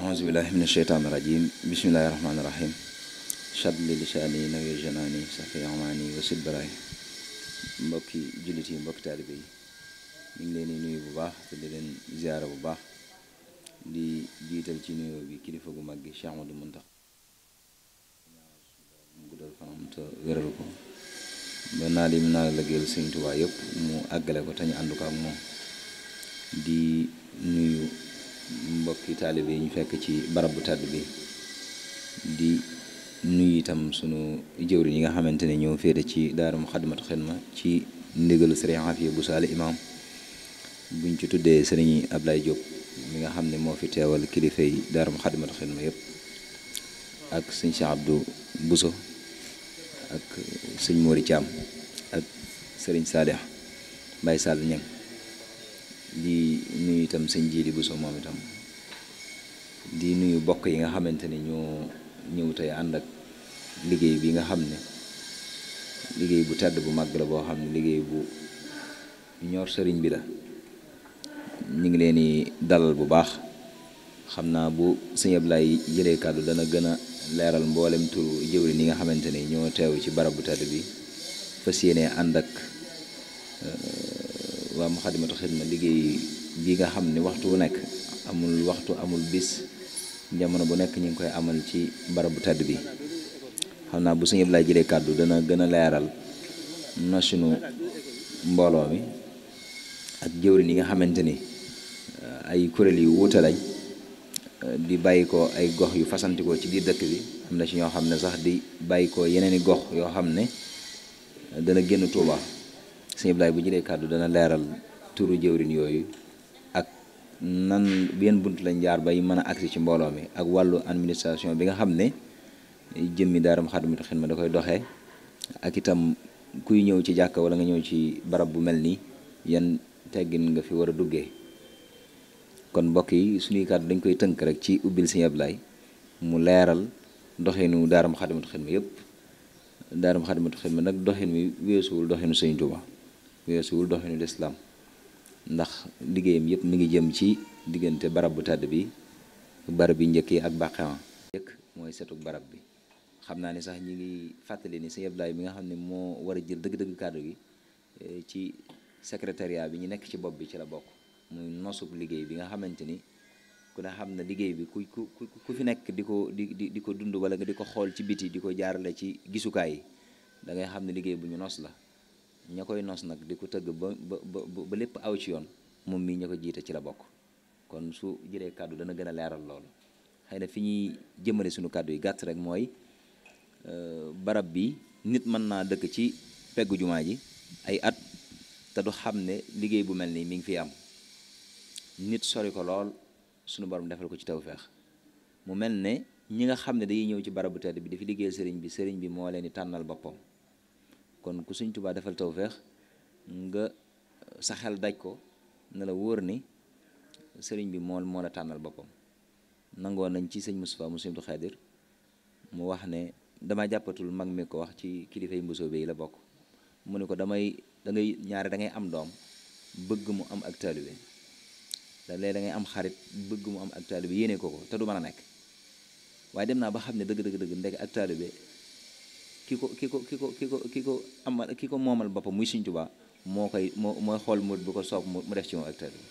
auzu billahi min asheytaan irajim bismillahi rahmaani rahim chadli lisaani nawir janaani safi amaani wasid baraay mbokki jullit yi mbokki taalibe yi ñu ngi leen di nuyu bu baax te di leen ziyaara bu baax di jiital ci nuyoo bi kilifa gu mag gi Cheikh Amadou Muntax mu guddal fanam te wéral ko ba naa li mu naa lëggeel Sëñ Tuubaa yëpp mu àggale ko te ñu ànd ko ak moom di nuyu mbokki taalibe yi ñu fekk ci barab bu tàdd bi di nuyu itam sunu jëwriñ yi nga xamante ne ñoo féete ci daara Moukhaddamatoul ma ci ndigalu sëriñ Afiya bu saale imaam buñ ci tuddee sëriñ Ablaye Diop mi nga xam ne moo fi teewal kilifa yi daara Moukhaddamatoul Khidma yëpp ak sëñ Cheikh Abdou ak sëñ Mori Thiam ak sëriñ Saalix Baye Sall Ñang di nuyu itam sëñ Jili Bousso moom itam di nuyu bokk yi nga xamante ni ñoo ñëw tey ànd ak liggéey bi nga xam ne liggéey bu tedd bu màgg la boo xam ne liggéey bu ñor sëriñ bi la ñu ngi leen di dalal bu baax xam naa bu sëñ Ablaay jëlee kàddu dana gën a leeral mboolem turu li ni nga xamante ni ñoo teew ci barab bu tedd bi fas yéene ànd ak waa Moukhaddamatoul Khidma liggéey bi nga xam ne waxtu wu nekk amul waxtu amul bis jamono bu nekk ñu ngi koy amal ci barabu tedd bi xam naa bu sëñ Abdoulaye jëlee kàddu dana gën a leeral nasinu mbooloo mi ak jëwriñ yi nga xamante ni uh, ay kuréel yu wuute lañ uh, di bàyyi ko ay gox yu fasantikoo ci biir dëkk bi am na ci ñoo xam ne sax di bàyyi ko yeneen i gox yoo xam ne uh, dana génn Tuuba sëñ Ablaye bu jëlee kàddu dana leeral turu jëwrin yooyu ak nan yan bunt lañ jaar bay mën a agsi ci mbooloo mi ak wàllu administration bi nga xam ne jëmmi daaram Xadamatul ma da koy doxee ak itam kuy ñëw ci jàkk wala nga ñëw ci barab bu mel nii yan teggin nga fi war a duggee kon mbokk yi suñuy kàddu dañ koy tënk rek ci ubbil sëñ Ablaye mu leeral doxinu daaram Xadamatul Xidma yëpp daaram Xadamatul Xidma nag doxin wi weesuwul doxinu Sëñ Tuubaa weesuwul doxinu lislaam ndax liggéeyam yëpp mi ngi jëm ci diggante barab bu tàdd bi barab bi njëkk ak bàqewan njëkk mooy setuk barab bi xam naa ne sax ñi ngi fàttali ni sëñ Abdoulaye bi nga xam ne moo war a jël dëgg-dëgg kàddu gi eh, ci secrétariat bi ñu nekk ci bopp bi ci la bokk muy nosub liggéey bi nga xamante ni ku ne xam na liggéey bi ku ku ku fi nekk di ko di di ko dund wala nga di ko xool ci biti di ko jaarale ci gisukaay yi da ngay xam ne liggéey bu ñu nos la ña koy nos nag di ko tëgg ba ba ba lépp aw ci yoon moom mii ña ko jiite ci la bokk kon su jëlee kàddu dana gën a leeral loolu xëy na fi ñuy jëmale suñu kàddu yi gàtt rek mooy euh, barab bi nit mën naa dëkk ci peggu jumaa ji ay at te du xam ne liggéey bu mel nii mi ngi fi am nit sori ko lool sunu borom defal ko ci feex mu mel ne ñi nga xam ne dañuy ñëw ci bu tedd bi dafa liggéeyal sëriñ bi sëriñ bi moo leen di tànnal boppam kon ku Sëñ Tuubaa defal tawféex nga uh, sa xel daj ko ne la wóor ni sëriñ bi moo moo la tànnal boppam nangoo nañ ci sëñ Moustapha mu sëñ du Xaadir mu wax ne dama jàppatul mag mi ko wax ci kilifa yi Mbusoobe yi la bokk mu ne ko damay dangay ñaari dangay am doom bëgg mu am ak taalibe da léeg ngay am xarit bëgg mu am ak taalibe yéene ko ko te du mën a nekk waaye dem naa ba xam ne dëgg dëgg dëgg ndek ak taalibe ki ko ki ko ki ko ki ko ki ko amal ki ko moomal boppam muy Sëñ Tuubaa moo koy moo mooy xool murit bu ko soob mu def ci moom acteur bi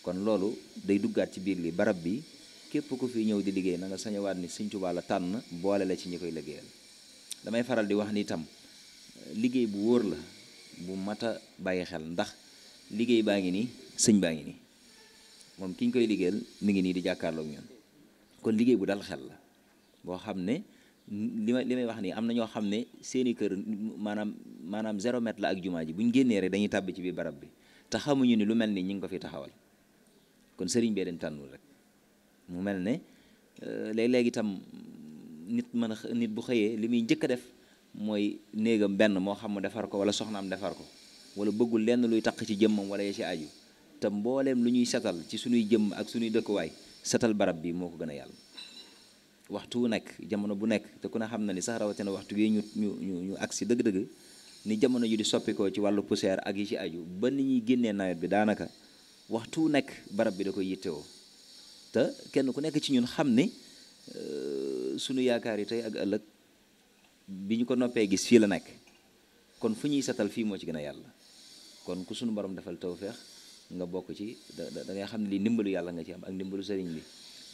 kon loolu day duggaat ci biir li barab bi képp ku fi ñëw di liggéey nanga nga sañawaat ni Sëñ Tuubaa la tànn boole la ci ñi koy liggéeyal damay faral di wax ni itam liggéey bu wóor la bu mat a bàyyi xel ndax liggéey baa ngi nii sëñ baa ngi nii moom ki ñu koy liggéeyal mu ngi nii di jàkkaarlook ñun kon liggéey bu dal xel la boo xam li ma li may wax nii am na ñoo xam ne seeni kër maanaam maanaam zéro mètre la ak jumaa ji bu ñu génnee rek dañuy tàbbi ci biir barab bi te xamuñu ni lu mel ni ñu ngi ko fi taxawal kon sëriñ bee leen tànnul rek mu mel ne euh, léeg-léeg tam nit mën a nit bu xëyee li muy njëkk a def mooy néegam benn moo xam mu defar ko wala soxnaam defar ko wala bëggul lenn luy taq ci jëmmam wala ya ci aju te mbooleem lu ñuy setal ci suñuy jëmm ak suñuy dëkkuwaay setal barab bi moo ko gën yàlla waxtu wu nekk jamono bu nekk te ku ne xam na ni sax rawatina waxtu bii ñu ñu ñu ñu agsi dëgg-dëgg ni jamono ji di soppikoo ci wàllu poussière ak yi ci aju ba ni ñuy génne nawet bi daanaka waxtu wu nekk barab bi da koy yittewoo te kenn ku nekk ci ñun xam ni euh, sunu yaakaar yi tey ak ëllëg bi ñu ko noppee gis fii la nekk kon fu ñuy setal fii moo ci gën a yàlla kon ku sunu borom defal feex nga bokk ci da da ngay xam ne lii ndimbalu yàlla nga ci am ak ndimbalu sëriñ bi.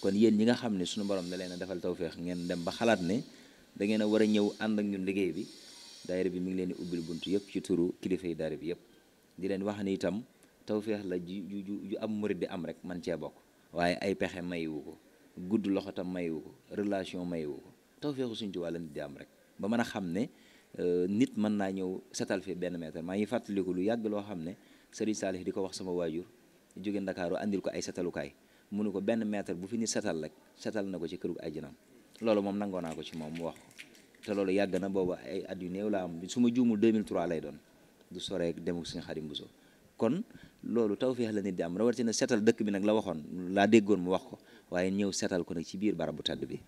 kon yéen ñi nga xam ne suñu borom da leen a defal tawféex ngeen dem ba xalaat ne da ngeen a war a ñëw ànd ak ñun liggéey bi daayira bi mu ngi leen di ubbil bunt yëpp ci turu kilifa yi daayira bi yëpp di leen wax ni itam tawféex la ju ju ju am murid di am rek man cee bokk waaye ay pexe mayiwu gudd loxo tam mayiwu relation mayiwu ko tawféexu suñ ci wàll nit di am rek ba mën a xam ne euh, nit mën naa ñëw setal fi benn mètre maa ngi fàttaliku lu yàgg loo xam ne Serigne Saliou di ko wax sama waajur jóge Ndakaaru andil ko ay setalukaay mu ne ko benn mètre bu fi ni setal rek setal na ko ci kërug àjjanaam loolu moom nangoo naa ko ci moom mu wax ko te loolu yàgg na boobu ay at yu new laa am su ma juumul 2003 lay doon du soree demul suñu xarim bu so kon loolu tawfeex la nit di am rawatina dëkk bi nag la waxoon laa déggoon mu wax ko waaye ñëw setal ko nag ci biir barab bu tedd bi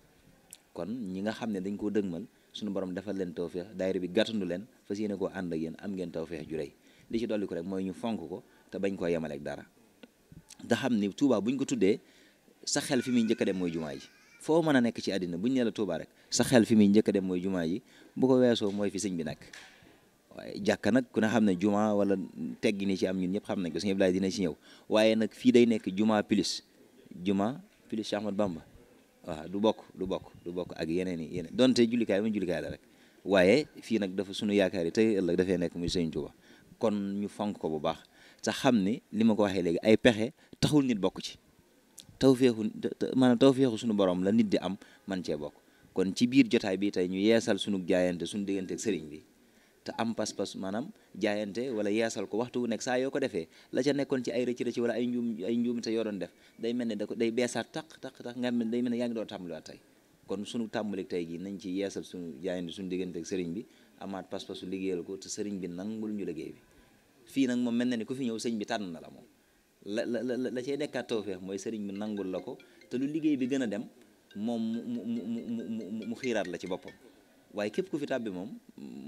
kon ñi nga xam ne dañ koo dëgmal suñu borom defal leen tawfeex daayira bi gàttandu leen fas yéene koo ànd ak am ngeen tawfeex ju réy li ci dolli ko rek mooy ñu fonk ko te bañ koo yemaleek dara da xam ni bu ñu ko tuddee sa xel fi muy njëkk dem mooy jumaa ji foo mën a nekk ci àddina bu ne la Touba rek sa xel fi muy njëkk dem mooy jumaa yi bu ko weesoo mooy fi sëñ bi nag waaye jàkka nag ku ne xam ne jumaa wala teggi am ñun ñëpp xam nañ ko sëñ Abdoulaye dina ñëw waaye nag fii day nekk jumaa plus jumaa plus Cheikh du bokk du bokk du bokk ak yeneen i donte jullikaay mu jullikaay la rek waaye fii nag dafa sunu yaakaar yi tey ëllëg dafay nekk mu sëñ Touba kon ñu fonk ko bu baax te xam ni li ma ko waxee léegi ay pexe taxul nit bokk ci tawféexu maanaam tawféexu suñu borom la nit di am man cee bokk kon ci biir jotaay bi tey ñu yeesal suñu jaayante suñu diggante ak sëriñ bi te am pas-pas maanaam jaayante wala yeesal ko waxtu wu nekk saa yoo ko defee la ca nekkoon ci ay rëcc rëcc wala ay njuum yoo doon def day mel ne da ko day beesaat taq taq taq nga mel day mel ne ngi doon tàmbaliwaat tey kon suñu tàmbalik tey gi nañ ci yeesal suñu jaayante suñu diggante ak sëriñ bi amaat pas-pasu liggéeyal ko te sëriñ bi nangul ñu liggéey bi fii nag moom mel na ni ku fi ñëw sëñ bi tànn na la moom la la la la cay nekkaat tawfeex mooy sëriñ bi nangul la ko te lu liggéey bi gën a dem moom mu mu xiiraat la ci boppam waaye képp ku fi tàbbi moom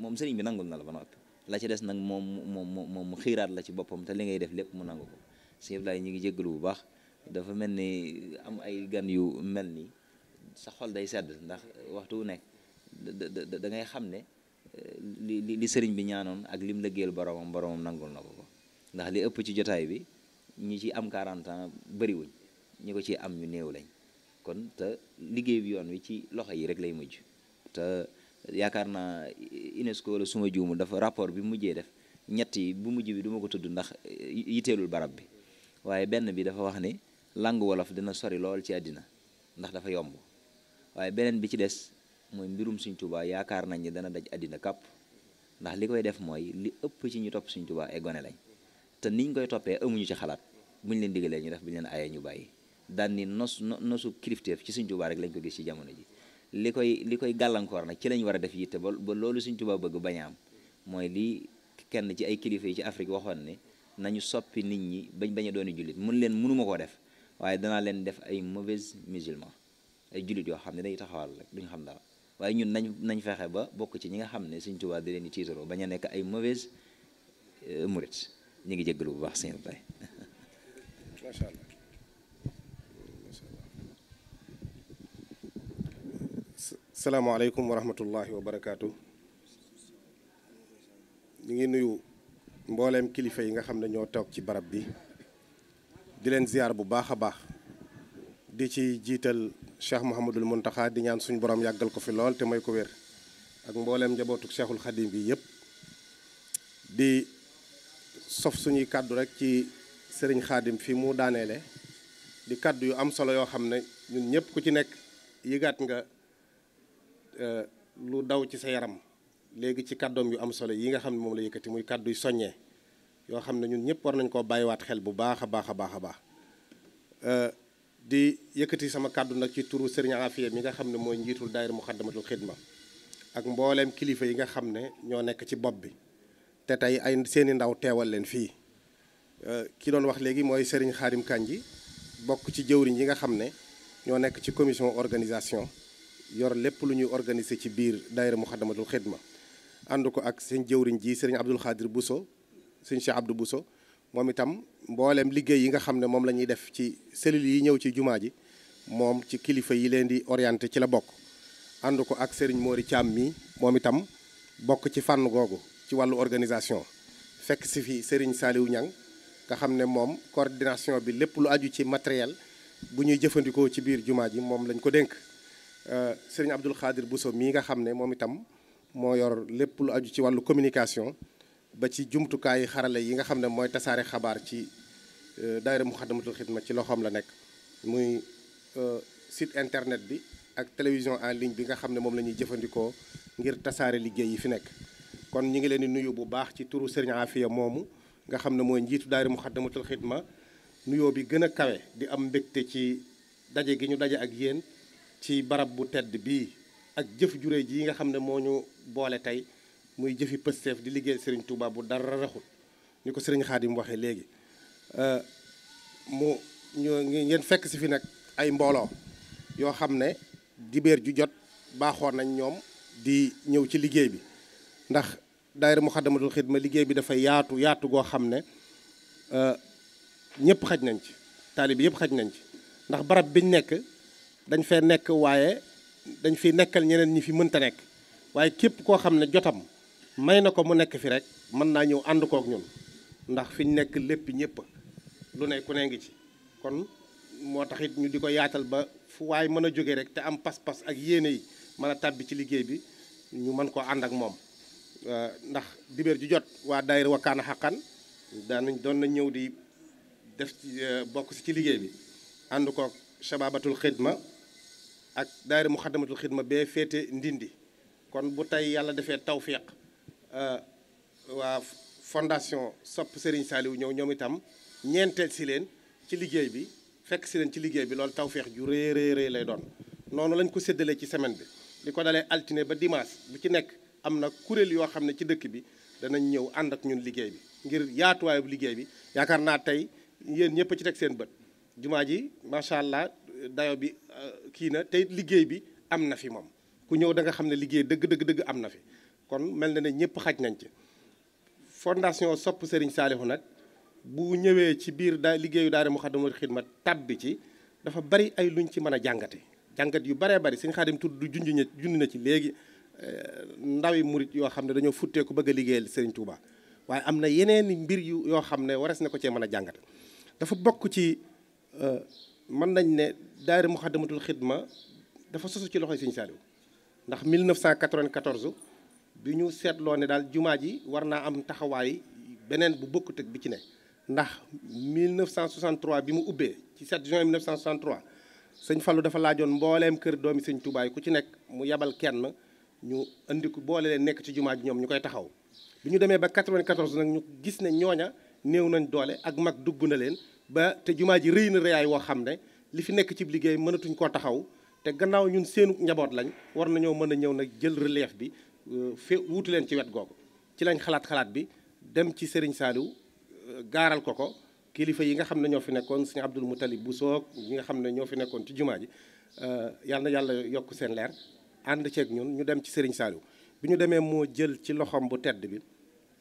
moom sëriñ bi nangul na la ba noppi la ci des nag moom moom moom mu xiiraat la ci boppam te li ngay def lépp mu nangu ko sëñ Abdoulaye ñu ngi jéggalu bu baax dafa mel ni am ay gan yu mel ni sa xol day sedd ndax waxtu wu nekk da ngay xam ne. li li sëriñ bi ñaanoon ak lim lëggeel boromam boromam nangul na ko ko ndax li ëpp ci jotaay bi ñi ci am 40 ans bëriwuñ ñi ko ci am ñu néew lañ kon te liggéey bi yoon wi ci loxo yi rek lay mujj te yaakaar naa UNESCO suma juumu dafa rapport bi mujjee def ñett yi bu mujj bi duma ko tudd ndax yiteelul barab bi waaye benn bi dafa wax ni langue wolof dina sori lool ci àddina ndax dafa yomb waaye beneen bi ci des mooy mbirum Sëñ Tuubaa yaakaar nañ ni dana daj àddina kàpp ndax li koy def mooy li ëpp ci ñu topp Sëñ Tuubaa ay gone lañ te niñ koy toppee amuñu ci xalaat buñ leen digalee ñu def buñ leen ayee ñu bàyyi daan ni nos nosu kilifteef ci Sëñ Tuubaa lañ ko gis ci jamono ji li koy li koy gàllankoor nag ci lañ war a def yitte ba ba loolu Sëñ bëgg bañ mooy lii kenn ci ay kilifa yi ci Afrique waxoon ne nañu soppi nit ñi bañ bañ doon jullit mun leen mënuma koo def waaye danaa leen def ay mauvaise musulman ay jullit yoo xam ne day taxawal rek duñu xam dara waaye ñun nañ nañ fexe ba bokk ci ñi nga xam ne suñ Tuubaa da leen di tiitaroo bañ a nekk ay mauvaise euh, murit ñu ngi jégalu bu baax seen bay macha allah salaamaaleykum wa rahmatullahi wa barakaatu ngi nuyu mbooleem kilifa yi nga xam ne ñoo toog ci barab bi di leen ziar bu baax a baax di ci jiital cheikh Mouhamadul Mountakha di ñaan suñu borom yàggal ko fi lool te may ko wér ak mbooleem njabootuk cheikhul xadim bi yëpp di sof suñuy kàddu rek ci sëriñ xaadim fii mu daaneele di kàddu yu am solo yoo xam ne ñun ñëpp ku ci nekk yëgaat nga e, lu daw ci sa yaram léegi ci kàddoom yu am solo yi nga xam ne moom la yëkkati muy kàddu yu soññee yoo xam ne ñun ñëpp war nañ koo bàyyiwaat xel bu baax a baax a baax a baax e, di yëkkati sama kàddu nag ci turu Serigne Afia mi nga xam ne mooy njiitul daayira Muxaddamatul Xidma ak mbooleem kilifa yi nga xam ne ñoo nekk ci bopp bi te tey ay seeni ndaw teewal leen fii euh, ki doon wax léegi mooy Serigne Xaarim Kanji bokk ci jëwriñ yi nga xam ne ñoo nekk ci commission organisation yor lépp lu ñuy organiser ci biir daayira Muxaddamatul Xidma ànd ko ak seen jëwriñ ji Serigne Abdul Xaadir Bousso sëñ Cheikh Abdou Bousso moom itam mbooleem liggéey yi nga xam ne moom la ñuy def ci cellules yi ñëw ci jumaa ji moom ci kilifa yi leen di orienté ci la bokk ànd ko ak Serigne Mori Thiam mii moom itam bokk ci fànn googu ci wàllu organisation fekk si fi Serigne Saliou Niang nga xam ne moom coordination bi lépp lu aju ci matériel bu ñuy jëfandikoo ci biir jumaa ji moom lañ ko dénk euh, Serigne Abdoul Khadir Bousso mii nga xam ne moom itam moo yor lépp lu aju ci wàllu communication ba ci jumtukaayu xarale yi nga xam ne mooy tasaare xabaar ci euh, daayira Muxaddamatul Xidma ci loxoom la nekk muy euh, site internet bi ak télévision en ligne bi nga xam ne moom la ñuy jëfandikoo ngir tasaare liggéey yi fi nekk kon ñu ngi leen di nuyu bu baax ci turu Serigne Afia moomu nga xam ne mooy njiitu daayira Muxaddamatul Xidma nuyoo bi gën a kawe di am mbégte ci daje gi ñu daje ak yéen ci barab bu tedd bii ak jëf jure ji yi nga xam ne moo ñu boole tey muy jëfi Pastef di liggéey Serigne Touba bu dara raxul ñu ko Serigne Khadim waxee léegi euh, mu ñu ngeen fekk si fi nag ay mbooloo yoo xam ne dibeer ju jot baaxoon nañ ñoom di ñëw ci liggéey bi ndax daayira Muxaddamatul Xidma liggéey bi dafay yaatu yaatu goo xam ne euh, ñëpp xaj nañ ci taalibi yëpp xaj nañ ci ndax barab biñ nekk dañ fee nekk waaye dañ fi nekkal ñeneen ñi fi mënta nekk waaye képp koo xam ne jotam may na ko mu nekk fi rek mën naa ñëw ànd kook ñun ndax fi ñu nekk lépp ñëpp lu nekku ku ne ngi ci kon moo tax it ñu di ko yaatal ba fu waay mën a jóge rek te am pas-pas ak yéene yi mën a bi ci liggéey bi ñu mën koo ànd ak moom euh, ndax dibéer ju jot waa daayira wakkaana xaqan daanañ doon na ñëw di def ci euh, bokk ci liggéey bi ànd kook shababatul xidma ak daayira muxaddamatul xidma bee féete ndindi kon bu tey yàlla defee tawfiq Euh, waa fondation sopp Serigne Saliou ñëw ñoom itam ñeenteel si leen ci liggéey bi fekk si leen ci liggéey bi loolu tawféex ju rëy rëy rëy lay doon noonu lañ ko séddalee ci semaine bi li ko dalee altine ba dimaas bu ci nekk am na kuréel yoo xam ne ci dëkk bi danañ ñëw ànd ak ñun liggéey bi ngir yaatuwaayu liggéey bi yaakaar naa tey yéen ñëpp ci teg seen bët jumaa ji macha allah dayo bi euh, kii na tey liggéey bi am na fi moom ku ñëw da nga xam ne liggéey dëgg am na fi kon mel na ne ñëpp xaj nañ ci fondation sopp Serigne Saliou nag bu ñëwee ci biir daa liggéeyu daara Moukhaddamatoul Khidma tab bi ci dafa bari ay luñ ci mën a jàngate jàngat yu baree bari Serigne Khadim tudd du junj na junj na ci léegi eh, ndawi murit yoo xam ne dañoo futtee ko bëgg a liggéeyal Serigne waaye am na yeneen mbir yu yoo xam ne waras na ko cee mën a jàngat dafa bokk ci eh, mën nañ ne daara Moukhaddamatoul Khidma dafa sosu ci loxoy Serigne Saliou ndax 1994 bi ñu seetloo ne daal jumaa ji war naa am taxawaay beneen bu bokkut ak bi ci ne ndax 1963 bi mu ubbee ci 7 juin 1963 sëñ Fallou dafa laajoon mbooleem kër doomi sëñ Touba ku ci nekk mu yabal kenn ñu indi ku boole leen nekk ci jumaa ji ñoom ñu koy taxaw bi ñu demee ba 94 nag ñu gis ne ñooña néew nañ doole ak mag dugg na leen ba te jumaa ji rëy na rëyaay woo xam ne li fi nekk ci liggéey mënatuñ koo taxaw te gannaaw ñun seenu njaboot lañ war nañoo mën a ñëw nag jël relève bi fe wuutu leen ci wet googu ci lañ xalaat xalaat bi dem ci Serigne Saliou euh, gaaral ko ko kilifa yi nga xam ne ñoo fi nekkoon Serigne Abdoul Moutalib bu soog ñi nga xam ne ñoo fi nekkoon ci jumaa ji euh, yal na yàlla yokk seen leer ànd ceeg ñun ñu dem ci Serigne Saliou bi ñu demee moo jël ci loxoom bu tedd bi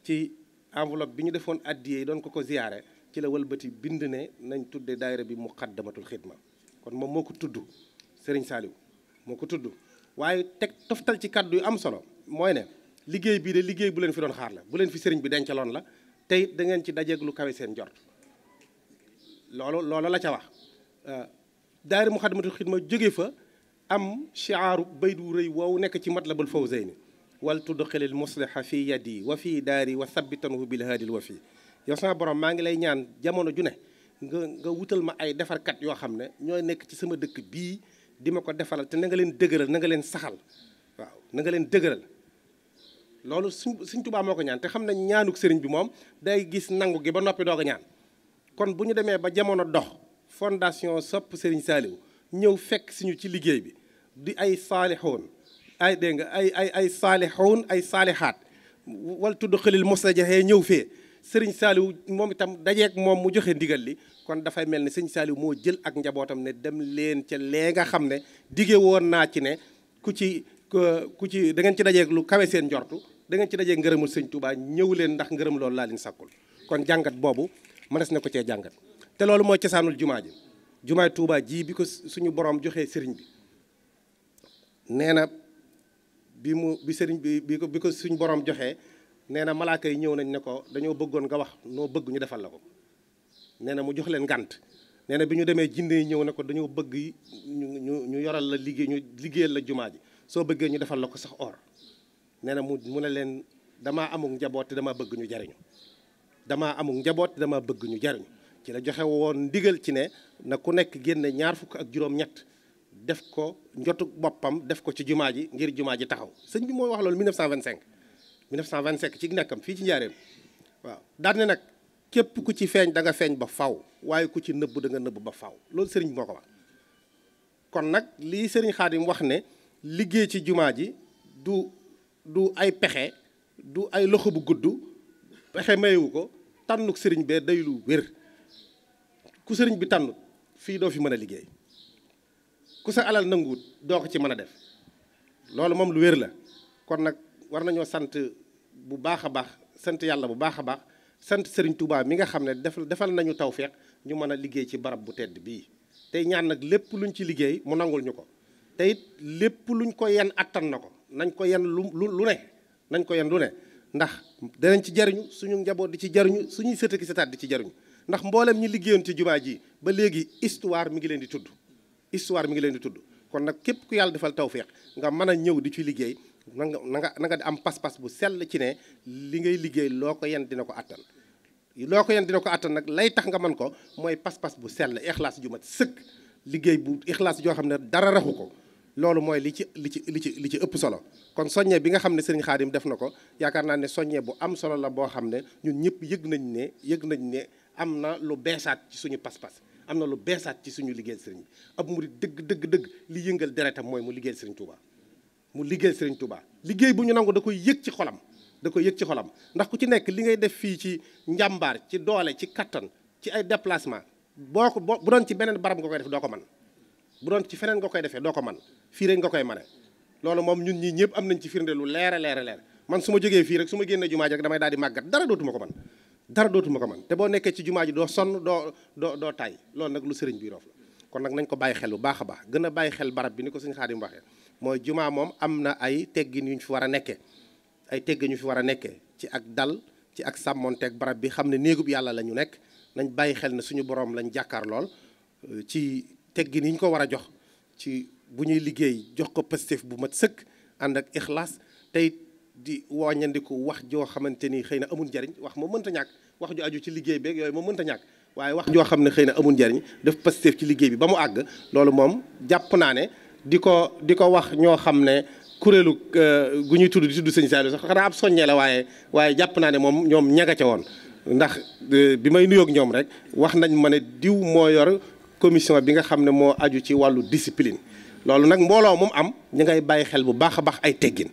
ci enveloppe bi ñu defoon addiyee doon ko ko ziyaare ci la wëlbati bind ne nañ tuddee daayira bi mu muqaddamatul xidma kon moom moo ko tudd sëriñ Saliou moo ko tudd waaye teg toftal ci kàddu yu am solo mooy ne liggéey bii de liggéey bu leen fi doon xaar la bu leen fi sëriñ bi dencaloon la tey it da ngeen ci dajeeg lu kawe seen jot loolu loolu la ca wax euh, daayira Muxaddamatul ma jóge fa am bay du rëy woow nekk ci mat la Matlabul Fawzayni wal tudxilil musliha fi yadi wa fi daari wa sabbitanhu bil haadil wa fi yow sama borom maa ngi lay ñaan jamono ju ne nga nga wutal ma ay defarkat yoo xam ne ñooy nekk ci sama dëkk bii di ma ko defaral te na nga leen dëgëral na nga leen saxal waaw na leen dëgëral loolu suñ suñ tubaa moo ko ñaan te xam nañ ñaanuk sëriñ bi moom day gis nangu gi ba noppi doo ko ñaan kon bu ñu demee ba jamono dox fondation sëpp sëriñ saaliw ñëw fekk suñu ci liggéey bi di ay saalihoon ay dégg nga ay ay ay saalihoon ay saalihaat wal tudd xalil mustajaxee ñëw fee sëriñ saaliwu moom itam dajeeg moom mu joxe ndigal li kon dafay mel ni sëñ saaliw moo jël ak njabootam ne dem leen ca lee nga xam ne dige woon naa ci ne ku ci ku ci da ngeen ci dajeeg lu kawe seen njortu da ngeen ci dajeeg ngërëmul sëñ Touba ñëw leen ndax ngërëm loolu laa leen sàkkul kon jàngat boobu mënees ne ko cee jàngat te loolu mooy cosaanul jumaa ji jumaay Touba ji bi ko suñu borom joxee sëriñ bi nee na bi mu bi sëriñ bi bi ko bi ko suñu borom joxee nee na malaaka yi ñëw nañ ne ko dañoo bëggoon nga wax noo bëgg ñu defal la ko nee na mu jox leen ngànt nee na bi ñu demee jinde ñëw ne ko dañoo bëgg ñu ñu ñu yoral la liggéey ñu liggéeyal la jumaa ji soo bëggee ñu defal la ko sax or nee na mu mu ne leen damaa amuk njaboot te damaa bëgg ñu jariñu damaa amuk njaboot damaa bëgg ñu jariñu ci la joxe woon ndigal ci ne na ku nekk génne ñaar fukk ak juróom-ñett def ko njotu boppam def ko ci jumaa ji ngir jumaa ji taxaw sëñ bi mooy wax loolu 1925 1925 ci nekkam fii ci njaareem waaw daan nag képp ku ci feeñ da nga feeñ ba faw waaye ku ci nëbb da nga nëbb ba faw loolu sëriñ bi moo ko wax kon nag lii sëriñ Xaadim wax ne liggéey ci jumaa ji du du ay pexe du ay loxo bu gudd pexe mayewu ko tànnuk sëriñ bee day lu wér ku sëriñ bi tànnut fii doo fi mën a liggéey ku sa alal nanguwut doo ko ci mën a def loolu moom lu wér la kon nag war nañoo sant bu baax a baax sant yàlla bu baax a baax sant sëriñ tubaab mi nga xam ne defal defal nañu tawféex ñu mën a liggéey ci barab bu tedd bii tey ñaan nag lépp luñ ci liggéey mu nangul ñu ko te it lépp luñ ko yen attan na ko nañ ko yen lu lu ne nañ ko yen lu ne ndax danañ ci jariñu suñu njaboot di ci jariñu suñuy sëtëki sëtaat di ci jariñu ndax mboolem ñi liggéeyoon ci jumaa ji ba léegi histoire mi ngi leen di tudd istuwaar mi ngi leen di tudd kon nag képp ku yàlla defal tawféex nga mën a ñëw di ci liggéey na nga na nga na nga am pas-pas bu sell ci ne li ngay liggéey loo ko yen dina ko attan loo ko yen dina ko attan nag lay tax nga mën ko mooy pas-pas bu sell ixlaas ju mat sëkk liggéey bu ixlaas joo xam ne dara raxu ko loolu mooy li ci li ci li ci li ci ëpp solo kon soññe bi nga xam ne sëriñ Xaadim def na ko yaakaar naa ne soññe bu am solo la boo xam ne ñun ñëpp yëg nañ ne yëg nañ ne am na lu beesaat ci suñu pas-pas am na lu beesaat ci suñu liggéeyal sëriñ bi ab murit dëgg dëgg dëgg li yëngal deretam mooy mu liggéeyal sëriñ Touba mu liggéeyal sëriñ Touba liggéey bu ñu nangu da koy yëg ci xolam da koy yëg ci xolam ndax ku ci nekk li ngay def fii ci njàmbaar ci doole ci kattan ci ay déplacement boo ko boo bu doon ci beneen barab nga koy doo ko mën bu doon ci feneen nga koy defee doo ko man fii rek nga koy mane loolu moom ñun ñii ñëpp am nañ ci firnde lu leer a leer leer man su ma jógee fii rek su ma génnee jumaa ji rek damay daal di màggat dara dootuma ko man dara dootuma ko man te boo nekkee ci jumaa ji doo sonn doo doo doo tay loolu nag lu sëriñ bi roof la kon nag nañ ko bàyyi xel bu baax a baax gën a bàyyi xel barab bi ni ko suñ xaadim waxee mooy jumaa moom am na ay teggin yu ñu fi war a nekkee ay teggin yu fi war a nekkee ci ak dal ci ak sàmmonteeg barab bi xam ne néegub yàlla la ñu nekk nañ bàyyi xel ne suñu borom lañ jàkkaar teggin yi ñu ko war a jox ci bu ñuy liggéey jox ko positif bu mat sëkk ànd ak ixlaas tey di wàññandiku wax joo xamante ni xëy na amul njariñ wax moo mënta ñàkk wax ju ci liggéey beeg yooyu moo mënta ñàkk waaye wax joo xam ne xëy na amul njariñ def positif ci liggéey bi ba mu àgg loolu moom jàpp naa ne di ko di ko wax ñoo xam ne kuréelu euh, gu ñuy tudd di tudd sëñ Saliou sax xanaa ab soññee la waaye waaye jàpp naa ne moom ñoom ñaga ca woon ndax euh, bi may nuyoog ñoom rek wax nañ ma ne diw moo yor commission bi nga xam ne moo aju ci wàllu discipline loolu nag mbooloo moom am ñu ngay bàyyi xel bu baax a baax ay teggin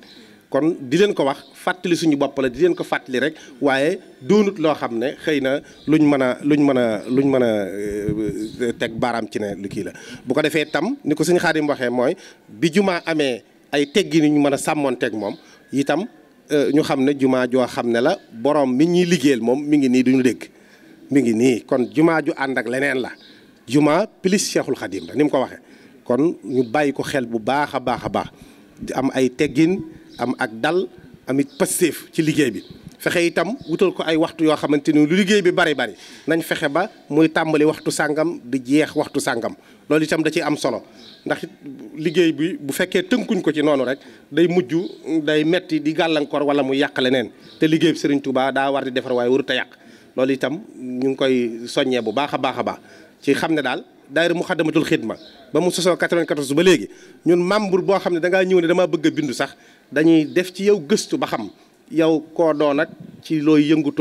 kon di leen ko wax fàttali suñu bopp la di leen ko fàttali rek waaye doonut loo xam ne xëy na luñ mën a luñ mën a luñ mën a euh, teg baaraam ci ne lu kii la bu ko defee tam ni ko suñu xaadim waxee mooy bi jumaa amee ay teggin yu ñu mën a sàmmoonteeg moom itam euh, ñu xam ne jumaa joo xam ne la borom mi ñuy liggéeyal moom mi ngi nii duñu dégg mi ngi nii kon jumaa ju ànd ak leneen la juma plus Cheikhul Khadim la ni mu ko waxee kon ñu bàyyi ko xel bu baax a baax a baax di am ay teggin am ak dal amit pastéef ci liggéey bi fexe itam wutal ko ay waxtu yoo xamante ni lu liggéey bi bari bari nañ fexe ba muy tàmbali waxtu sàngam di jeex waxtu sàngam loolu itam da ciy am solo ndax liggéey bi bu fekkee tënkuñ ko ci noonu rek day mujj day metti di gàllankoor wala mu yàq leneen te liggéey bi Serigne Touba daa war di defar waaye warut a yàq loolu itam ñu ngi koy soññee bu baax a baax a baax. ci xam ne daal daayira Muxaddamatul Xidma ba mu sosoo 94 ba léegi ñun membre boo xam ne da ñëw ne damaa bëgg a bindu sax dañuy def ci yow gëstu ba xam yow koo doon ak ci looy yëngu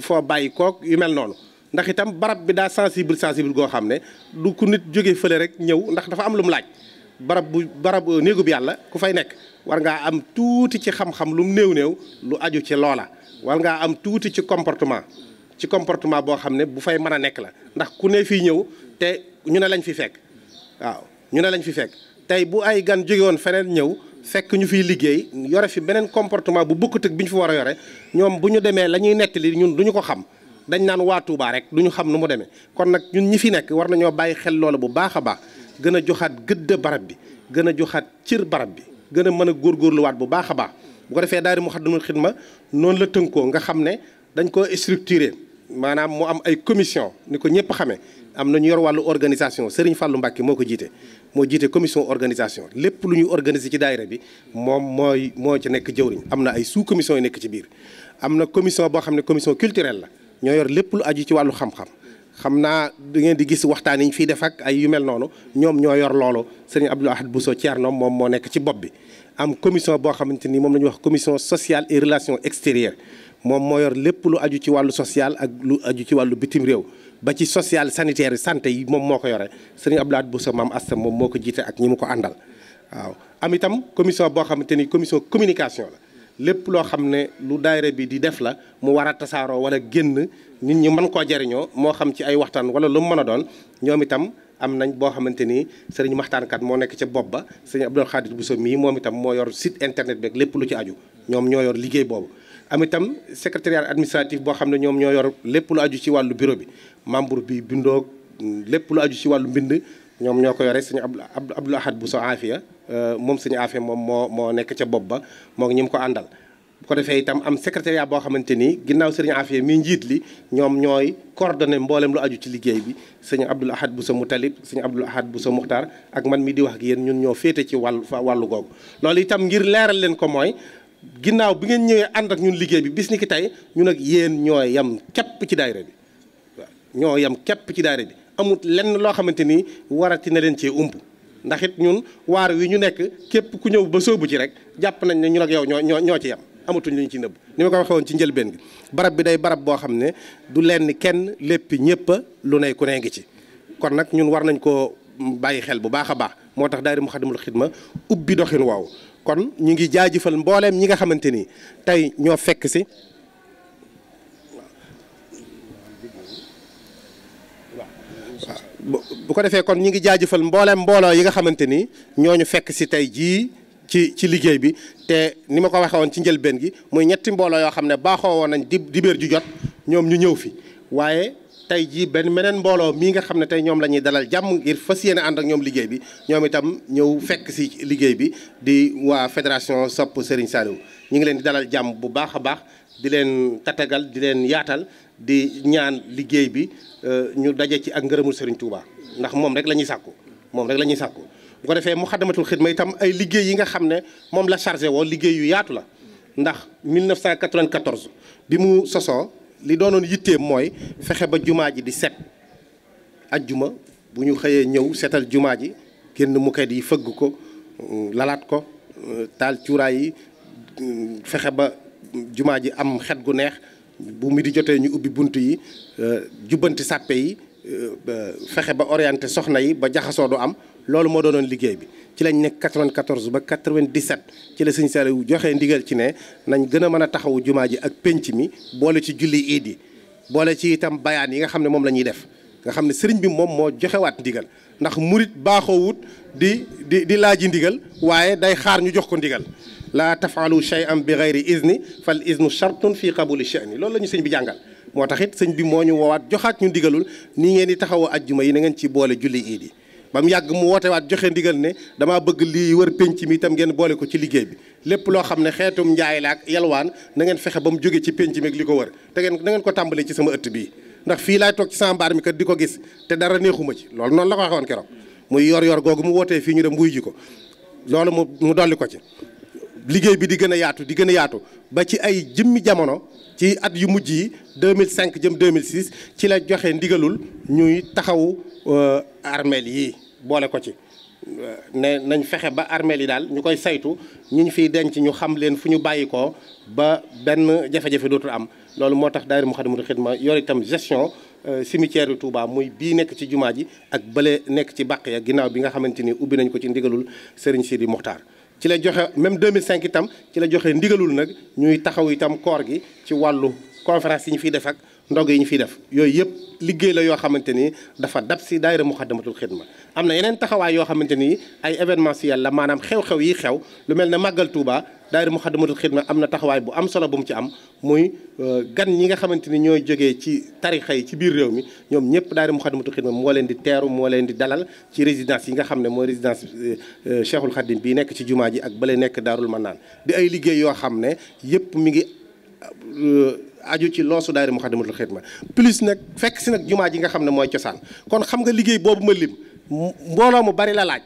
foo bàyyi koog yu mel noonu. ndax itam barab bi daa sensible sensible goo xam ne du ku nit jóge fële rek ñëw ndax dafa am lu mu laaj barab bu barab euh, néegu bi yàlla ku fay nekk war ngaa am tuuti ci xam-xam lu mu néew-néew lu aju ci loola war ngaa am tuuti ci comportement. ci comportement boo xam ne bu fay mën a nekk la ndax ku ne fii ñëw te ñu ne lañ fi fekk waaw ñu ne lañ fi fekk tey bu ay gan jóge feneen ñëw fekk ñu fiy liggéey yore fi beneen comportement bu bokkut ak bi ñu fi war a yore ñoom bu ñu demee la ñuy nettali ñun du ñu ko xam dañ naan waa Touba rek du ñu xam nu mu demee kon nag ñun ñi fi nekk war nañoo bàyyi xel loolu bu baax a baax gën a joxaat gëdd barab bi gën a joxaat cir barab bi gën a mën a góorgóorluwaat bu baax a baax bu ko defee daari Moukhaddamatoul Khidma noonu la tënkoo nga xam ne dañ ko structuré maanaam mu am ay commission ni ko ñëpp xamee am na ñu yor wàllu organisation Serigne Fallou Mbacke moo ko jiite. moo jiite commission organisation lépp lu ñu organiser ci daayira bi moom mooy moo ci nekk jëwriñ am na ay sous commission yu nekk ci biir. am na commission boo xam ne commission culturelle la ñoo yor lépp lu aju ci wàllu xam-xam xam naa da ngeen di gis waxtaan yi ñu fiy def ak ay yu mel noonu ñoom ñoo yor loolu Serigne Abdoul Ahad Bousso Thierno moom moo nekk ci bopp bi. am commission boo xamante ni moom la ñuy wax commission sociale et relations extérieures. moom moo yor lépp lu aju ci wàllu social ak lu aju ci wàllu bitim réew ba ci sociale sanitaire yi santé yi moom moo ko yore sëriñ Abdou Lahad Bousso maam Asta moom moo ko jiite ak ñi mu ko àndal waaw am itam boo xamante ni commission communication la lépp loo xam ne lu daayira bi di def la mu war a tasaaroo wala génn nit ñi mën koo jariñoo moo xam ci ay waxtaan wala lu mu mën a doon ñoom itam am nañ boo xamante ni sëriñ maxtaankat moo nekk ca bopp ba sëriñ Abdou Khadir Bousso mii moom itam moo yor site internet beeg lépp lu ci aju ñoom ñoo yor liggéey boobu am itam secrétariat administratif boo xam ne ñoom ñoo yor lépp lu aju ci wàllu bureau bi membre bii bindoog lépp lu aju ci wàllu mbind ñoom ñoo ko yore suñu ab ab Abdou bu so aafiya moom suñu aafiya moom moo moo nekk ca bopp ba moo ngi ko àndal. ko defee itam am secrétariat boo xamante ni ginnaaw sëriñ Afia mi njiit li ñoom ñooy coordonné mboolem lu aju ci liggéey bi sëñ Abdoul Ahad Bousso Moutalib sëñ Abdoul Ahad Bousso Muxtaar ak man mii di wax ak yéen ñun ñoo féete ci fa wàllu googu. loolu itam ngir leeral leen ko mooy ginnaaw bi ngeen ñëwee ànd ak ñun liggéey bi bis ni ki tey ñu nag yéen ñoo yem képp ci daayira bi waaw ñoo yem képp ci daayira bi amul lenn loo xamante ni warati na leen cee ump ndax it ñun waar wi ñu nekk képp ku ñëw ba sóobu ci rek jàpp nañ ne ñu ak yow ñoo ñoo ñoo ci yam amatuñ lu ci nëbb ni ma ko waxee ci njëlbeen bi barab bi day barab boo xam ne du lenn kenn lépp ñëpp lu nekku ku ne ngi ci kon nag ñun war nañ ko bàyyi xel bu baax a baax moo tax daayira Muxaddamatul Xidma ubbi doxin waaw kon ñu ngi jaajëfal mbooleem ñi nga xamante ni tey ñoo fekk si bu ko defee kon ñu ngi jaajëfal mbooleem mbooloo yi nga xamante ni ñu fekk si tey jii ci ci liggéey bi te ni ma ko waxee woon ci njëlbeen gi muy ñetti mbooloo yoo xam ne baaxoo woon nañ di dibéer ju jot ñoom ñu ñëw fi waaye tey jii benn meneen mbooloo mii nga xam ne tey ñoom lañuy dalal jàmm ngir fas yéene ànd ak ñoom liggéey bi ñoom itam ñëw fekk si liggéey bi di waa fédération Sopp Serigne Saliou ñu ngi leen di dalal jàmm bu baax a baax di leen tatagal di leen yaatal di ñaan liggéey bi euh, ñu daje ci ak ngërëmul Serigne Touba ndax moom rek la ñuy sàkku moom rek la ñuy sàkku bu ko defee mu xaddamatul xidma itam ay liggéey yi nga xam ne moom la chargé woo liggéey yu yaatu la ndax 1994 bi mu sosoo li doonoon yitteem mooy fexe ba jumaa ji di set ajjuma bu ñu xëyee ñëw setal jumaa ji génn muket yi fëgg ko lalaat ko taal cuuraay yi fexe ba jumaa ji am xet gu neex bu mi di jotee ñu ubbi bunt yi jubbanti sàppe yi fexe ba orienté soxna yi ba jaxasoo du am loolu moo doonoon liggéey bi ci lañ nekk 94 ba 97 ci la sëñ Saliou joxe ndigal ci ne nañ gën a mën a taxawu jumaa ji ak pénc mi boole ci julli iid yi boole ci itam bayaan yi nga xam ne moom la ñuy def nga xam ne sëriñ bi moom moo joxewaat ndigal ndax murit baaxoowut di di di laaji ndigal waaye day xaar ñu jox ko ndigal laa tafaalu shay'an bi gayri izni fal iznu shartun fii qabuli sha'ni loolu la ñu sëñ bi jàngal moo tax it sëñ bi moo ñu woowaat ñu ndigalul nii ngeen di taxawoo ajjuma yi na ngeen ci boole julli yi ba mu yàgg mu woote waat joxe ndigal ne damaa bëgg lii wër penc mi itam ngeen boole ko ci liggéey bi lépp loo xam ne xeetum njaay laa ak yalwaan na ngeen fexe ba mu jógee ci penc mi ak li ko wër te ngeen na ngeen ko tàmbalee ci sama ëtt bii ndax fii laay toog ci sama mi kat di ko gis te dara neexuma ci loolu noonu la ko waxoon keroog muy yor yor googu mu wootee fii ñu dem wuy ji ko loolu mu mu dolli ko ci liggéey bi di gën a yaatu di gën a yaatu ba ci ay jëmmi jamono ci at yu mujj yi 2005 jëm 2006 ci la joxe ndigalul ñuy taxawu euh, armeel yi boole ko ci ne nañ fexe ba armeel yi daal ñu koy saytu ñu ñu fiy denc ñu xam leen fu ñu bàyyi ko ba benn jafe-jafe dootul am loolu moo tax daayira Moukhaddamatoul Khidma yor itam gestion euh, cimetière yu Touba bii nekk ci jumaa ji ak bële nekk ci bàq ya ginnaaw bi nga xamante ni ubbi nañ ko ci ndigalul Serigne Sidi Mokhtar ci la joxe même 2005 itam ci la joxe ndigalul nag ñuy taxaw itam koor gi ci wàllu conférence yi ñu fiy def ak ndog yi ñu fiy def yooyu yëpp liggéey la yoo xamante ni dafa dab si daayira muxaddamatul xidma am na yeneen taxawaay yoo xamante ni ay événementiel la maanaam xew-xew yi xew lu mel ne màggal Touba daayira muxaddamatul xidma am na taxawaay bu am solo bu ci am muy euh, gan ñi nga xamante ni ñooy jógee ci tarixa yi ci biir réew mi ñoom ñëpp daayira muxaddamatul xidma moo leen di teeru moo leen di dalal ci résidence yi nga xam ne mooy résidence euh, euh, Cheikhul Khadim bii nekk ci jumaa ji ak bële nekk Daarul Manaan di ay liggéey yoo xam ne yëpp mi ngi aju ci loosu daayira Muxaddamatul ma plus nag fekk si nag jumaa ji nga xam ne mooy cosaan kon xam nga liggéey boobu ma lim mbooloo mu bari la laaj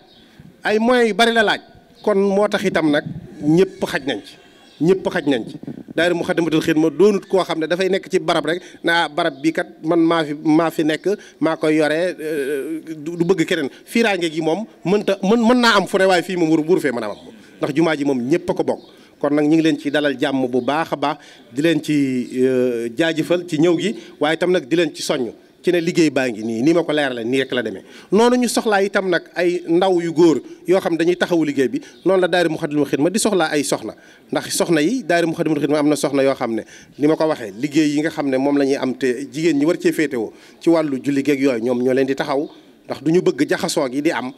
ay moyens yu bari la laaj kon moo tax itam nag ñëpp xaj nañ ci ñëpp xaj nañ ci daayira Muxaddamatul Xidma doonut koo xam ne dafay nekk ci barab rek naa ah, barab bii kat man maa fi maa fi nekk maa koy yore euh, du bëgg keneen fiiraange gi moom mënta mën mën naa am fu ne waaye fii moom wuru wuru fee mën a am ndax jumaa ji moom ñëpp ko bokk kon nag ñu ngi leen ci dalal jàmm bu baax a baax di leen ci euh, jaajëfal ci ñëw gi waaye tam nag di leen ci soññ ci ne liggéey baa ngi nii nii ma ko leerale nii rek la demee noonu ñu soxlaa itam nag ay ndaw yu góor yoo xam dañuy taxawu liggéey bi noonu la daari Moukhaddamatoul Khidma di soxlaa ay soxna ndax soxna yi daari Moukhaddamatoul Khidma am na soxna yoo xam ne li ma ko waxee liggéey yi nga xam ne moom la ñuy am te jigéen ñi war cee féetewoo ci wàllu julli geeg yooyu ñoom ñoo leen di taxaw ndax du bëgg jaxasoo gi di am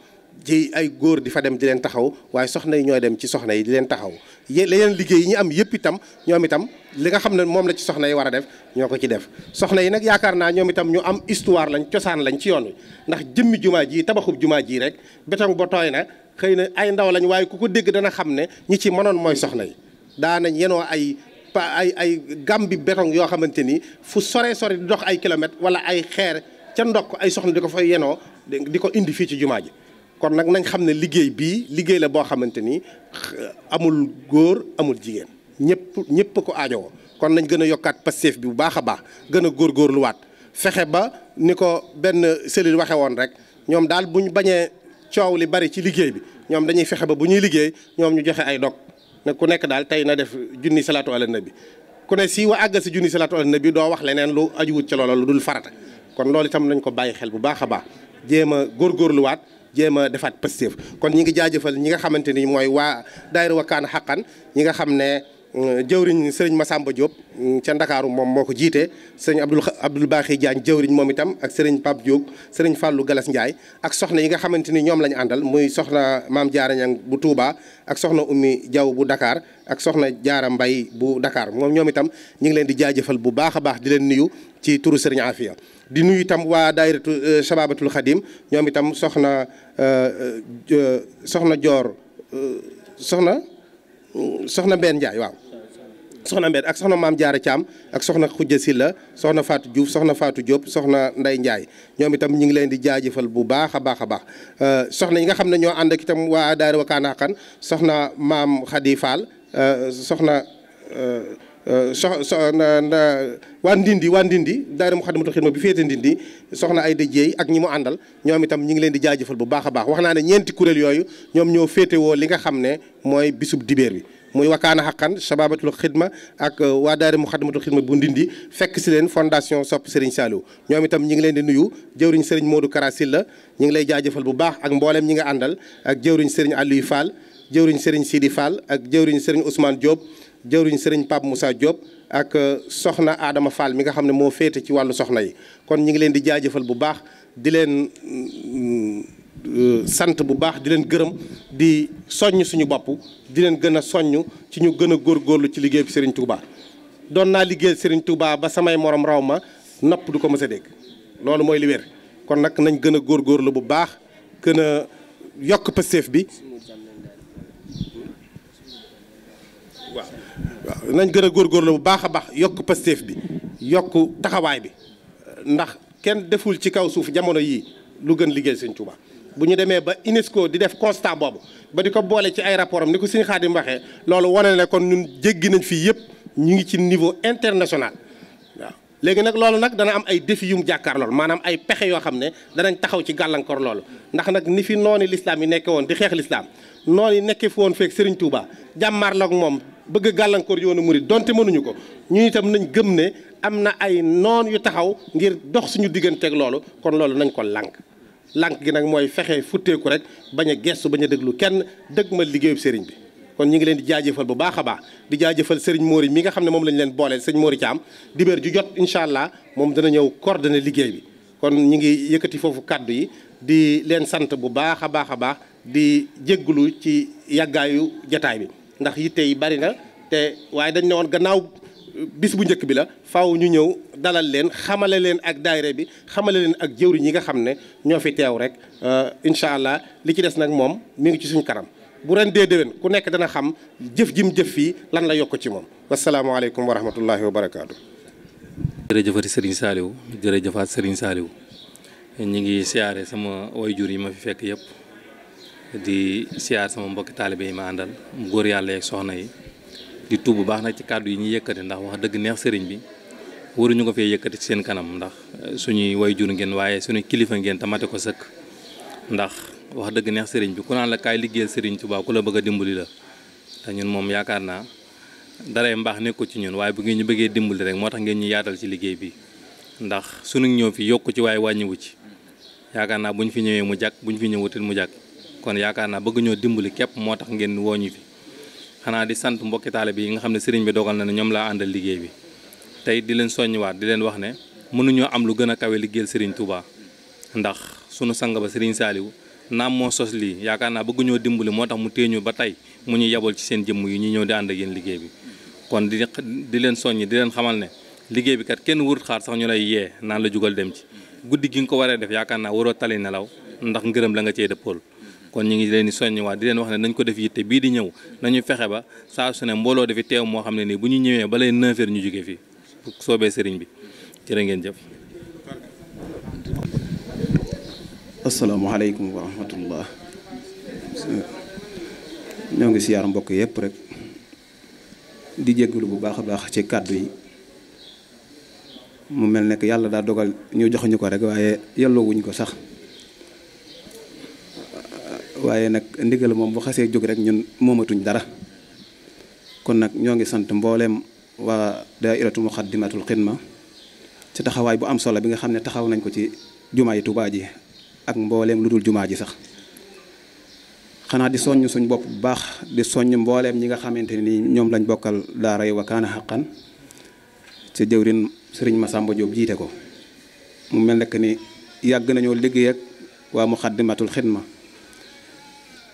ci ay góor di fa dem di leen taxaw waaye soxna yi ñooy dem ci soxna yi di leen taxaw yeneen liggéey yi ñu am yëpp itam ñoom itam li nga xam ne moom la ci soxna yi war a def ñoo ko ci def soxna yi nag yaakaar naa ñoom itam ñu am histoire lañ cosaan lañ ci yoon wi ndax jëmmi jumaa ji tabaxub jumaa ji rek béton ba tooy na xëy na ay ndaw lañ waaye ku ko dégg dana xam ne ñi ci mënoon mooy soxna yi daanañ yenoo ay pa ay ay gambi béton yoo xamante ni fu sore sore di dox ay kilomètres wala ay xeer ca ndokk ay soxna di ko fay yenoo di ko indi fii ci jumaa ji kon nag nañ xam ne liggéey bii liggéey la boo xamante ni euh, amul góor amul jigéen ñëpp ñëpp ko aajowoo kon nañ gën a yokkaat Pastef bi bu baax a baax gën a góorgóorluwaat fexe ba ni ko benn cellule waxe woon rek ñoom daal bu ñu bañee coow li bari ci liggéey bi ñoom dañuy fexe ba bu ñuy liggéey ñoom ñu joxe ay dog ne ku nekk daal tey na def junni salaatu na bi ku ne si wa àgg si junni salaatu ala nabi doo wax leneen lu ajuwut ci loola lu dul farata kon loolu itam nañ ko bàyyi xel bu baax a baax jéem a góorgóorluwaat jéem a defaat positif kon ñi ngi jaajëfal ñi nga xamante ni mooy waa daayira wakkaan xaqan ñi nga xam ne euh, jëwriñ sëriñ Massamba Diop mm, ca Ndakaaru moom moo ko jiite sëriñ Abdul Abdoul Baaxi Diagne jëwriñ moom itam ak sëriñ Pape Diop sëriñ fàllu Galas Ndiaye ak soxna yi nga xamante ni ñoom la ñu àndal muy soxna Maam Jaara Ñang bu Touba ak soxna Oumy Diaw bu ndakaar ak soxna Jaara Mbay bu ndakaar moom ñoom itam ñu ngi leen di jaajëfal bu baax a baax di leen nuyu ci turu sëriñ Afia di nuyu itam waa daayiratu euh, shababatul xadim ñoom itam soxna euh, euh, soxna joor soxna soxna Mbène Ndiaye waaw soxna ak soxna maam Diarra Thiam ak soxna Khoudia Silla soxna Fatou Diouf soxna faatu Diop soxna Ndeye Ndiaye ñoom itam ñu ngi leen di jaajëfal bu baax a baax a baax soxna yi nga xam ne ñoo ànd ak itam waa daayira Wakana Haqqan soxna maam Khady Fall soxna sox so waa Ndindi waa Ndindi daayira Muxaddamatul Xidma bi féete Ndindi soxna Ayda Dieye ak ñi mu àndal ñoom itam ñi ngi leen di jaajëfal bu baax a baax wax naa ne ñeenti kuréel yooyu ñoom ñoo féetewoo li nga xam ne bisub dibeer bi muy wakaana xaqan sababatul xidma ak uh, waa daayira Muxaddamatul Xidma bu Ndindi fekk si leen fondation sopp Serigne Saliou ñoom itam ñi ngi leen di nuyu jëwriñ Serigne Modou Kara Sylla ñi ngi lay jaajëfal bu baax ak mbooleem ñi àndal ak jëwriñ sëriñ Aliou Fall jëwriñ Serigne siidi Fall ak jëwriñ Serigne Ousmane Diop jëwriñ sëriñ Pape Moussa Diop ak euh, soxna aadama Fall mi nga xam ne moo féete ci wàllu soxna yi kon ñu ngi leen di jaajëfal bu baax di leen mm, mm, euh, sant bu baax di leen gërëm di soññ suñu bopp di leen gën a soññ ci ñu gën a góorgóorlu ci liggéey bi sëriñ Touba doon naa liggéey sëriñ Touba ba samay morom raw ma nopp du ko mës a dégg loolu mooy liweer kon nag nañ gën a góorgóorlu bu baax gën a yokk pësteef bi waaw nañ gën a góorgóorlu bu baax a baax yokk Pastef bi yokk taxawaay bi ndax kenn deful ci kaw suuf jamono yii lu gën liggéey Sëñ Tuubaa bu ñu demee ba UNESCO di def constat boobu ba di ko boole ci ay rapport am ni ko Sëñ Xaadim waxee loolu wane ne kon ñun jéggi nañ fii yëpp ñu ngi ci niveau international waaw léegi nag loolu nag dana am ay défi yu mu jàkkaar loolu maanaam ay pexe yoo xam ne danañ taxaw ci gàllankoor loolu ndax nag ni fi nooni lislaam yi nekke woon di xeex lislaam nooni nekke fi woon feek Sëriñ Tuubaa jàmmaar moom bëgg gàllankoor yoonu murit donte mënuñu ko ñu itam nañ gëm ne am na ay noon yu taxaw ngir dox suñu digganteeg loolu kon loolu nañ ko lànk lànk gi nag mooy fexe futteeku rek bañ a gestu bañ a déglu kenn dëgg ma liggéeyub sëriñ bi kon ñu ngi leen di jaajëfal bu baax a baax di jaajëfal sëriñ Mori mi nga xam ne moom lañu leen booleel sëriñ Mori Thiam dibéer ju jot incha allah moom dana ñëw coordonné liggéey bi kon ñu ngi yëkkati foofu kàddu yi di leen sant bu baax a baax a baax di jégglu ci yàggaayu jataay bi ndax yitte yi bari na te waaye dañ ne woon gannaaw bis bu njëkk bi la faw ñu ñëw dalal leen xamale leen ak daayira bi xamale leen ak jëwriñ yi nga xam ne ñoo fi teew rek euh, incha allah li ci des nag moom mi ngi ci suñu kanam bu ren dee déwén ku nekk dana xam jëf jim jëf fii lan la yokk ci moom wasalaamaaleykum wa rahmatullahi wa barakaatu. jërëjëfati Serigne Saliou jërëjëfaat Serigne Saliou ñu ngi siyaare sama way jur yi ma fi fekk yëpp. di siyaar sama mbokki taalibe yi ma àndal góor yàlla yeeg soxna yi di tuub bu baax nag ci kàddu yi ñuy yëkkati ndax wax dëgg neex sëriñ bi waruñu ko fee yëkkati ci seen kanam ndax eh, suñuy way jur ngeen waaye suñu kilifa ngeen tamate ko sëkk ndax wax dëgg neex sëriñ bi ku naan la kaay liggéeyal sëriñ Tuubaa ku la bëgg a dimbali la te ñun moom yaakaar naa daray mbaax nekku ci ñun waaye bu ngeen ñu bëggee dimbali rek moo tax ngeen ñu yaatal ci liggéey bi ndax sunu ñëw fi yokku ci waaye wàññiwu ci yaakaar naa bu ñu fi ñëwee mu jàkk bu ñu fi ñëwutil mu jàkk kon yaakaar naa bëgguñoo ñoo dimbali képp moo tax ngeen woo ñu fi xanaa di sant mbokki taale bi yi nga xam ne sëriñ bi dogal na ne ñoom laa àndal liggéey bi tey di leen soññiwaat di leen wax ne mënuñoo am lu gën a kawe liggéeyal sëriñ Touba ndax sunu sang ba sëriñ Saliou naam moo sos lii yaakaar naa bëgguñoo ñoo dimbali moo tax mu téye ñu ba tey mu ñu yebal ci seen jëmm yi ñu ñëw di ànd ak liggéey bi kon di di leen soññi di leen xamal ne liggéey bi kat kenn wurut xaar sax ñu lay yee naan la jugal dem ci guddi gi nga ko waree def yaakaar naa waroo tali nelaw ndax ngërëm la nga cee dëppool kon ñu ngi leen di soññiwaat di leen wax ne nañ ko def yitte bii di ñëw nañu fexe ba saa su ne mbooloo dafi teew moo xam ne nii bu ñu ñëwee balay 9 heures ñu jógee fii soobee sëriñ bi jërë ngeen jëf. asalaamaaleykum wa rahmatullah ñoo ngi siyaar mbokk yépp rek di jégalu bu baax a baax ci kàddu yi mu mel nekk yàlla daa dogal ñu joxuñu ko rek waaye yelloo wuñ ko sax. waaye nag ndigal moom bu xasee jóg rek ñun moomatuñ dara kon nag ñoo ngi sant mbooleem waa daairatu muqaddimatul xidma ci taxawaay bu am solo bi nga xam ne taxaw nañ ko ci jumaa yi Tuubaa ak mbooleem lu dul jumaa ji sax xanaa di soññ suñ bopp bu baax di soññ mbooleem ñi nga xamante ni ñoom lañ bokkal daara yi Wakana Haqqan ci jëwrin sëriñ ma sàmba Diop jiite ko mu mel nekk ni yàgg nañoo liggéey ak waa muqaddimatul xidma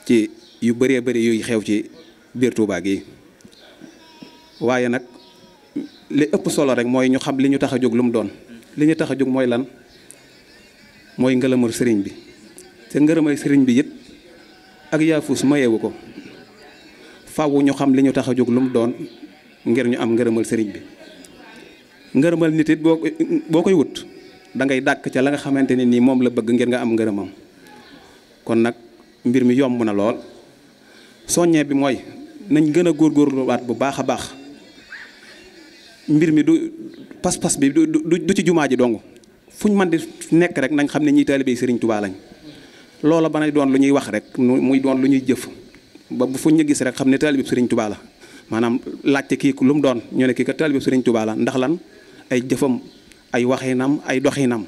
ci yu bëree bëri yuy xew ci biir Touba gi waaye nag li ëpp solo rek mooy ñu xam li ñu tax a jóg lu mu doon li ñu tax a jóg mooy lan mooy ngërëmal sëriñ bi te ngërëmal sëriñ bi it ak yaafus mayewu ko fawu ñu xam li ñu tax a jóg lu mu doon ngir ñu am ngërëmal sëriñ bi ngërëmal nit it boo koy wut dangay dàq ca la nga xamante ne nii moom la bëgg ngir nga am ngërëmam kon nag mbir mi yomb na lool soññee bi mooy nañ gën a góorgóorluwaat bu baax a baax mbir mi du pas-pas bi du du ci jumaa ji dong fuñ man di nekk rek nañ xam ne ñii taalibe Sëriñ Tuubaa lañ loola ba nay doon lu ñuy wax rek muy doon lu ñuy jëf ba bu fuñ ñu gis rek xam ne taalibe Sëriñ Tuubaa la maanaam laajte kii lu mu doon ñu ne kii kat taalibe Sëriñ Tuubaa la ndax lan ay jëfam ay waxinam ay doxinam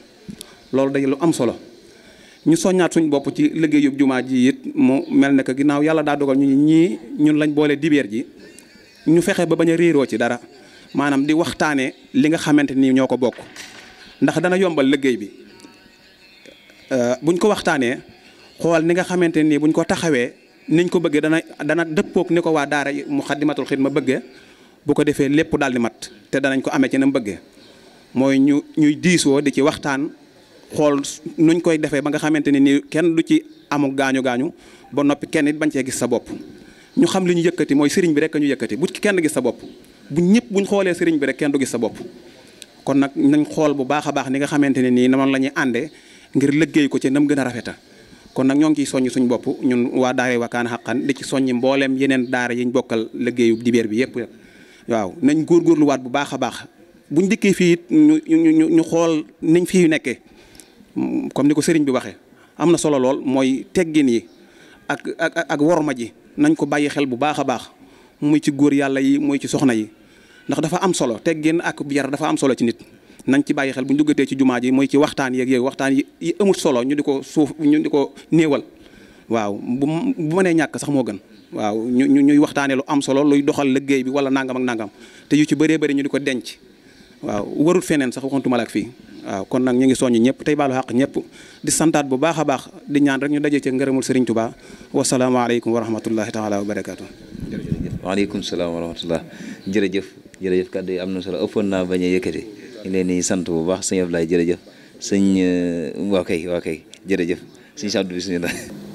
loolu day lu am solo. ñu soññaat suñ bopp ci liggéeyub jumaa ji it mu mel ne que ginnaaw yàlla daa dogal ñu ñii ñun lañ boole dibeer ji ñu fexe ba bañ a riiroo ci dara maanaam di waxtaanee li nga xamante ni ñoo ko bokk ndax dana yombal liggéey bi euh, buñ ko waxtaanee xool ni nga xamante nii buñ ko taxawee niñ ko bëggee dana dana dëppook ni ko waa daara Muxaddamatul ma bëggee bu ko defee lépp daal di mat te danañ ko amee ci nam bëggee mooy ñu ñuy diisoo di ci waxtaan xool nuñ koy defee ba nga xamante ne nii kenn du ci amu gaañu gaañu ba noppi kenn it bañ cee gis sa bopp ñu xam li ñu yëkkati mooy sëriñ bi rek ñu yëkkati bu ci kenn gis sa bopp bu ñëpp buñ xoolee sëriñ bi rek kenn du gis sa bopp kon nag nañ xool bu baax a baax ni nga xamante ne nii noonu la ñuy àndee ngir liggéey ko ci nam gën a rafeta kon nag ñoo ngi ciy soññ suñ bopp ñun waa daara Wakana Haqqan di ci soññ mbooleem yeneen daara yiñ bokkal liggéeyu dibeer bi yëpp waaw nañ góorgóorluwaat bu baax a baax buñ dikkee fii ñu ñu ñu xool niñ fii nekkee comme ni ko sëriñ bi waxee am na solo lool mooy teggin yi ak ak ak worma ji nañ ko bàyyi xel bu baax a baax muy ci góor yàlla yi muy ci soxna yi ndax dafa am solo teggin ak yar dafa am solo ci nit nañ ci bàyyi xel bu ñu duggatee ci jumaa ji muy ci waxtaan yeeg waxtaan yi amut solo ñu di ko suuf ñu di ko néewal waaw bu bu mënee ñàkk sax moo gën waaw ñu ñu ñuy waxtaanee lu am solo luy doxal liggéey bi wala nangam ak nangam te yu ci bëree bëri ñu di ko denc waaw warut feneen sax waxantuma la fii. waaw kon nag ñu ngi soññ ñëpp tey baalu xaq ñëpp di santaat bu baax a baax di ñaan rek ñu daje ci ngërëmul Serigne Touba wasalaamaaleykum wa rahmatullahi taala wa barakaatu. jërëjëf waaleykum salaam wa rahmatullah jërëjëf jërëjëf kàddu yi am na solo ëppoon naa bañ a yëkkati ñu leen sant bu baax sëñ Ablaye jërëjëf sëñ euh, waa kay waa kay jërëjëf sëñ Sadou bisimilah.